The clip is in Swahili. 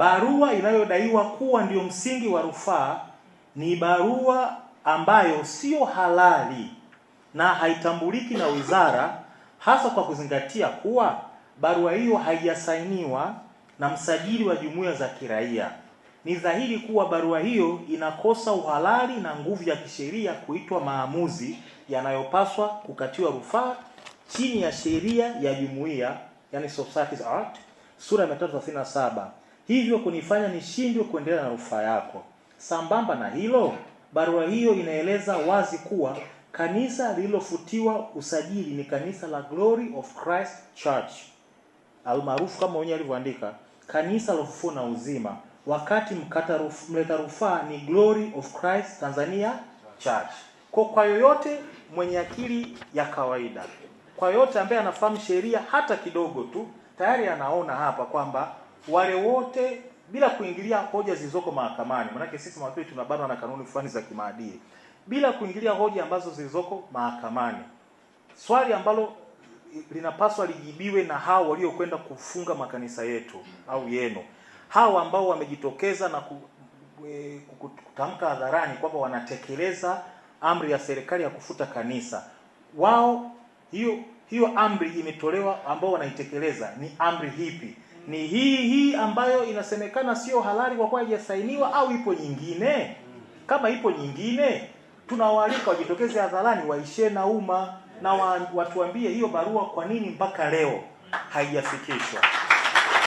Barua inayodaiwa kuwa ndiyo msingi wa rufaa ni barua ambayo siyo halali na haitambuliki na wizara, hasa kwa kuzingatia kuwa barua hiyo haijasainiwa na msajili wa jumuiya za kiraia. Ni dhahiri kuwa barua hiyo inakosa uhalali na nguvu ya kisheria kuitwa maamuzi yanayopaswa kukatiwa rufaa chini ya sheria ya jumuiya, yani Societies Act sura ya 337 hivyo kunifanya nishindwe kuendelea na rufaa yako. Sambamba na hilo, barua hiyo inaeleza wazi kuwa kanisa lililofutiwa usajili ni kanisa la Glory of Christ Church almaarufu kama wenyewe alivyoandika kanisa la ufufuo na uzima, wakati mkata ruf, mleta rufaa ni Glory of Christ Tanzania Church. Kwa kwa yoyote mwenye akili ya kawaida, kwa yoyote ambaye anafahamu sheria hata kidogo tu, tayari anaona hapa kwamba wale wote bila kuingilia hoja zilizoko mahakamani, manake sisi mawakili tunabana na kanuni fulani za kimaadili, bila kuingilia hoja ambazo zilizoko mahakamani. Swali ambalo linapaswa lijibiwe na hao waliokwenda kufunga makanisa yetu au yenu, hao ambao wamejitokeza na e, kutamka hadharani kwamba wanatekeleza amri ya serikali ya kufuta kanisa, wao hiyo hiyo amri imetolewa, ambao wanaitekeleza ni amri hipi? ni hii hii ambayo inasemekana sio halali kwa kuwa haijasainiwa au ipo nyingine? Kama ipo nyingine, tunawaalika wajitokeze hadharani waishie na umma na watuambie hiyo barua kwa nini mpaka leo haijafikishwa.